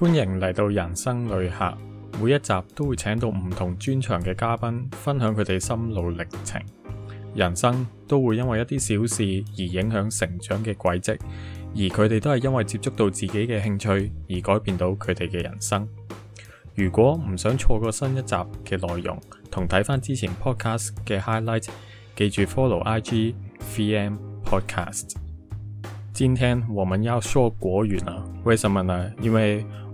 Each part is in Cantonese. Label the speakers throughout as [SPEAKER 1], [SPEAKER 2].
[SPEAKER 1] 歡迎嚟到人生旅客，每一集都會請到唔同專場嘅嘉賓，分享佢哋心路歷程。人生都會因為一啲小事而影響成長嘅軌跡，而佢哋都係因為接觸到自己嘅興趣而改變到佢哋嘅人生。如果唔想錯過新一集嘅內容，同睇返之前 podcast 嘅 highlight，記住 follow IG VM Podcast。今天我們要說國語啊，為什麼呢？因為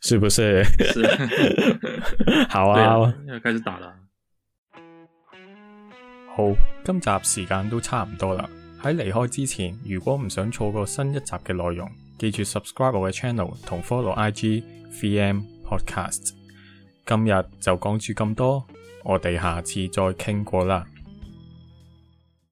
[SPEAKER 1] 是不是？好啊！要開始打啦。好，今集時間都差唔多啦。喺離開之前，如果唔想錯過新一集嘅內容，記住 subscribe 我嘅 channel 同 follow IG VM Podcast。今日就講住咁多，我哋下次再傾過啦。